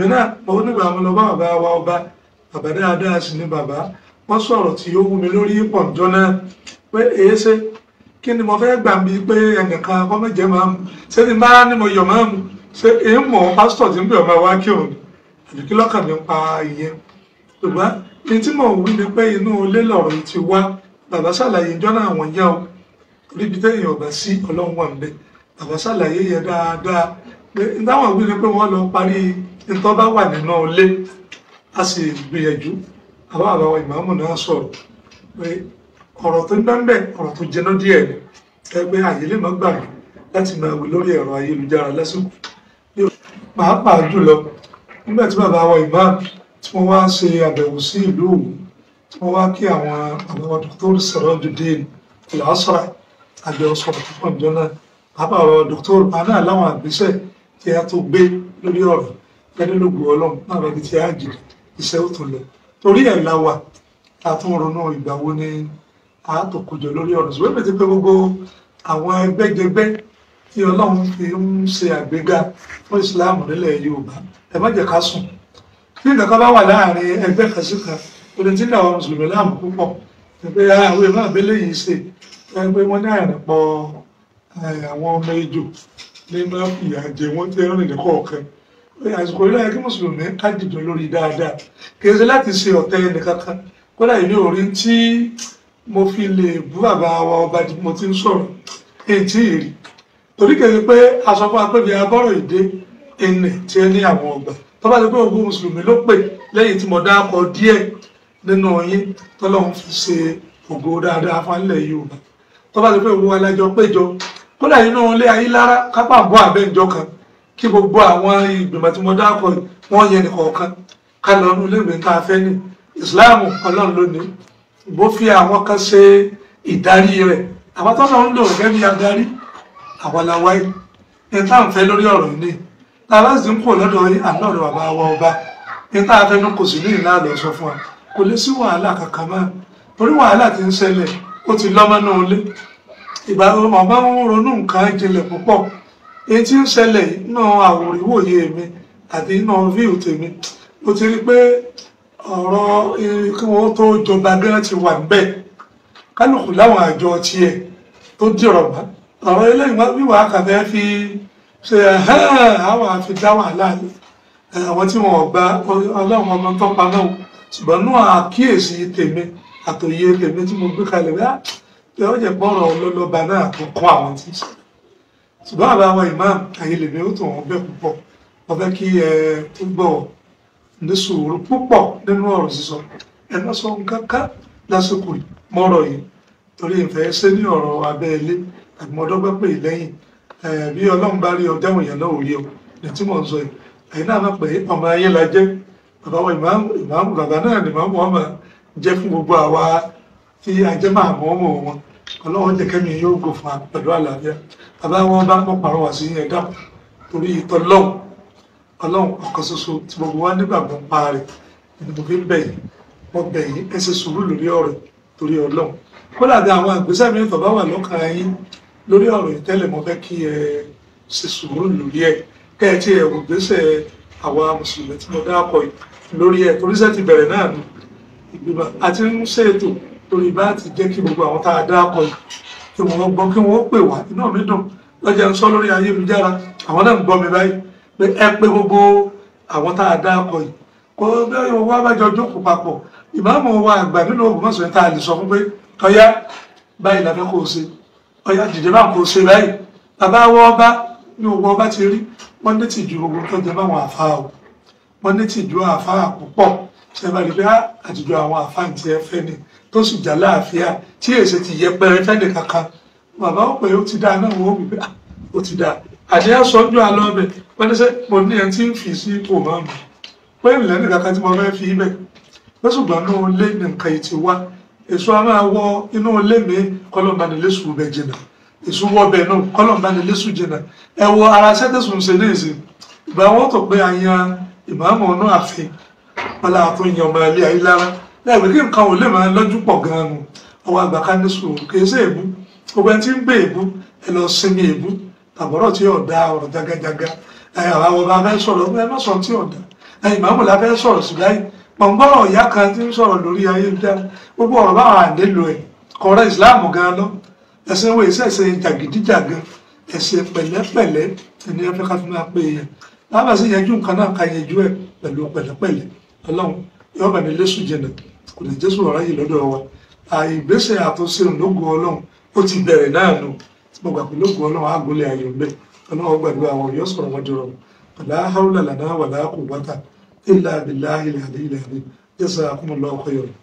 èmi náà mo nígbà mo lọ bá bàbá wa ọba bàbá dáadáa sì ni bàbá wọ́n sọ̀rọ̀ tí ó wú mi lórí pọ̀njọ́ náà pé èé ṣe kí ni mo fẹ́ gbà mí pé ẹnìkan kọ́ mẹ́jẹ máa mu ṣé ti máa ní mo yọ̀ máa mu ṣé èé mọ̀ pásítọ̀ tí ń bẹ̀ ọmọ wa kí òun àbí kí lọ́kàn mi pa ìyẹn ṣùgbọ́n ní tí mò ń wí ni pé inú ilé lọ̀rọ̀ ti wá bàbá ṣàlàyé ìjọ náà wọ̀n yá o ríbi tẹ́yìn ọ̀bà sí ọlọ́run wà ń bẹ bàbá ṣàlàyé yẹn dáadáa pé táwọn wí ni pé wọ́n lọ parí nítorí bá wà nínú ilé a sì gbìyànjú àwọn àbáwọ ìmáàmù náà sọ̀rọ̀ pé ọ̀rọ̀ tó ń bá ń bẹ̀ ọ̀rọ̀ tó jẹná díẹ̀ ni ẹgbẹ́ àyè lè má gbàgbé láti máa wí lórí ẹ̀rọ ayélujára lásìkò pàápàá jùlọ nígbà tí bàbá wa ìmáàmù tí wọ́n wá ṣe àbẹ̀wò sí ìlú òwú tí wọ́n wá kí àwọn àwọn dọ́kítọ́rì sọ̀rọ̀ jùdíìn làásọ̀rọ̀ àbẹ̀wò sọ̀rọ̀ tó pọ̀ jọ náà pàápàá àwọn dọ́kítọ́rì àná àláwọn àgbésẹ̀ tí a tó gbé lórí ọ̀rọ̀ lẹ́dẹ́lógún ọlọ́run náà ẹni tí a jìnnà iṣẹ́ ó tún lọ torí ẹ̀ la wà a tún ronú ìgbà wo ni a tó kojọ lórí ọ̀rọ̀ ṣùgbọ́n èmi ti pé gbogbo àwọn ẹgbẹ́jẹgbẹ́ tí ọlọ́run fi ń ṣe àgbéga fún ìsìláàmù nílẹ̀ yorùbá ẹ má jẹ́ ká sùn tí nǹkan kan bá wà láàrin ẹgbẹ́ kan sí kan oní tí àwọn mùsùlùmí láàmú púpọ̀ pé ah, àwọn ìmọ̀ àbẹ́lẹ̀ yìí ṣe pé wọ́n ní àrẹ̀pọ̀ àwọn ọmọ ejò ní máa fìyà jẹ wọ́n tí ẹran nìkan ọ̀kan àsìkò ilé ẹgbẹ́ mùsùlùmí ká dìjọ lórí dáadáa kìí ṣe láti ṣe ọ̀tẹ̀ ẹnìkankan kódà èmi ò rí tí mo fi lè bú bàbá wa ọba tí mo ti ń sọ̀rọ̀ èyí tí ì rí torí kìí ṣe pé aṣọ fún apẹ́bí abọ́rọ̀ ìdé ẹnì tí ẹ ní àwọn ọgbà tó bá ti pé ogún mùsùlùmí ló pè lẹ́yìn tí mo dákọ díẹ̀ nínú yín tọ́lọ́hún fi ṣe ògo dáadáa fánlẹ̀ Yorùbá tó bá ti pé owó alájọ péjọ kódà inú ilé ayé lára kápá àbọ̀ àbẹ́ǹjọ kan kí gbogbo àwọn ìgbìmọ̀ tí mo dákọ̀ wọ́n yẹ nìkọ̀ọ̀kan ká lọ nínú iléèwé tá a fẹ́ ní ìsìláàmù ọlọ́run lónìí bó fi àwọn kan ṣe ìdarí rẹ̀ àwọn tó náà ń lò gẹ́gẹ́ bí adarí àwaláwáyé ní tá à ń fẹ́ lórí ọ̀rọ̀ yìí lára sì ń kó lọ́dọ̀ àná ọ̀rọ̀ bàbá wa ọba ní tá a fẹ́ nu kò sí ní ìlà àlọ́ sọ fún wa kò lè sí wàhálà kankan mọ́ torí wàhálà ti ń ṣẹlẹ̀ ó ti lọ́mọ náà lé ìgbà ọmọ bá ń ronú nǹkan ìjìnlẹ̀ púpọ̀ èyí tí ó ṣẹlẹ̀ iná àwòrìwòye mi àti iná fíìl tèmi mo ti rí pé ọ̀rọ̀ kí tó jọba gan ti wà níbẹ̀ kálukú láwọn àjọ tiẹ̀ tó dìrọ̀ mọ́ ọ̀rọ̀ eléyìí wíwá kàfẹ́ fi ṣe àwọn àfi dá wàhálà àwọn tí wọn ò gba ọlọ́run ọmọ tó pa ṣùgbọ́n náà àkíyèsí tèmi àtòyé tèmi tí mo gbé kalẹ̀ bí ó jẹ́ pọ́nrọ̀ ọlọ́lọ́ba náà tó kọ́ àwọn tí ń sọ ṣùgbọ́n àbá àwọn imam ẹ̀yin lèmi ó tó wọn bẹ́ẹ̀ púpọ̀ wọ́n fẹ́ kí ẹ tó gbọ́ ní sùúrù púpọ̀ nínú ọ̀rọ̀ sísọ ẹ má sọ nǹkan ká lásìkò mọ́rọ̀ yìí torí ìfẹ́ ṣé ní ọ̀rọ̀ abẹ́ ilé àbí mo dọ́gba pé lẹ́yìn bí ọlọ́run bá rí ọ dáhùn yẹn náà ò rí ní tí mò ń sọ yìí ẹ̀yin náà má pé ọmọ ayé la jẹ́ bàbá wa ìmáàmù bàbá náà ni ọlọ́run jẹ́ kẹ́mi yóò gò fún wa pẹ̀lú àlàáfíà bàbá wọn bá pọ̀ pàrọ̀ wá sí ẹ̀dá torí ìtọ́lọ́run ọlọ́run ọ̀kan ṣoṣo tí gbogbo wa nígbàgbọ́ ń pa rẹ̀ ìdìbò fi ń bẹ̀ yìí wọ́n bẹ̀ yìí ẹ ṣe sùúrù lórí ọ̀rọ̀ torí ọlọ́run kódà bí àwọn ìgbésẹ̀ mi tọ́ bá wà lọ́kàn yín lórí ọ̀rọ̀ ìtẹ́lẹ̀ mo fẹ́ kí ẹ ṣe sùúrù lórí ẹ kẹ́ ẹ ti ẹ̀wù gbésẹ̀ àwa mùsùlùmí tí mo dáàkọ̀ lórí ẹ torí sẹ́ ti bẹ̀rẹ̀ náà ìgbìmọ̀ àti ń ṣètò torí bá ti jẹ́ kí gbogbo àwọn tá a dá akọ yìí kí wọ́n gbọ́ kí wọ́n pè wá iná mi dùn lọ́jà ń sọ lórí ayélujára àwọn náà ń gbọ́ mi báyìí pé ẹ pé gbogbo àwọn tá a dá akọ yìí kó bẹ́ẹ̀ wọ́n wá bá jọ jókòó papọ̀ ìmáàmù wa àgbà nínú Ògbómọ̀ṣọ́ yẹn tá a lè sọ fún pé ọ̀yá báyìí la fẹ́ ṣe ọ̀yá dìde máa kó ṣe báyìí bàbá wọ ọba ní owó ọba ti rí wọ́n ní tìjú gbogbo tó tẹ bá rí pé àtijọ́ àwọn àfáǹtì ẹ fẹ́ ni tó sì jà láàfíà tí èsì ti yẹpẹrẹ fẹ́ni kankan bàbá ó pè ó ti dáa náà wọ́n wípé ó ti dáa àdé àsọjú àlọ́ ọbẹ̀ pẹ́ẹ́sẹ́ mo ní ẹni tí ń fi sí ipò máa mi pé ìlẹ̀ ní kankan tí mo fẹ́ fi ibẹ̀ lọ́sùgbọ́n inú ilé ní nǹkan yìí ti èso a máa inú ilé mi kọ́lọ́mbanilésù bẹ jìnà èso wọ bẹ náà kọ́lọ́mbanilésù jìnà ẹ ara sẹ́tẹ̀sùn ṣe ní ìsìn ìgbà wọn tó pé àyàn ìmáàmù wọn láwọn tó ń yan ọmọ ilé ayé lára lẹ́ẹ̀mí kí nǹkan ò lè máa lọ́jú pọ̀ gan-an àwọn àgbà ká ní sùúrù kì í ṣe èébú gbogbo ẹni tí ń gbé èébú ẹ lọ sinmi èébú tàbọ̀rọ̀ tí yóò da ọ̀rọ̀ jagajaga àwọn ọba fẹ́ sọ̀rọ̀ ẹ má sọ tí yóò da ìmáàmù la fẹ́ sọ̀rọ̀ sí láyé pọ̀ngbọ́rọ̀ ìyá kan tí ń sọ̀rọ̀ lórí ayélujára gbogbo ọ̀rọ̀ báwọn ọlọ́run yọ̀ọ́ bàmí lẹ́sùn jẹ̀nà kò lè jésù ọ̀rá yìí lọ́dọ̀ wa àìgbésẹ̀ àtúnṣe ònógún ọlọ́run ó ti bẹ̀rẹ̀ náà nù mo gbà pé lóògùn ọlọ́run àgọ́lẹ̀ ayọ̀ ń bẹ̀ ọlọ́run gbàdúrà àwọn yóò sọ̀rọ̀ wọn dúró wàlá haúlà lànà wàlá kò wáta ilà abilà ilà àdé ilà jésù àkúmọ̀lọ́ ọkọ̀ yọ̀rọ̀.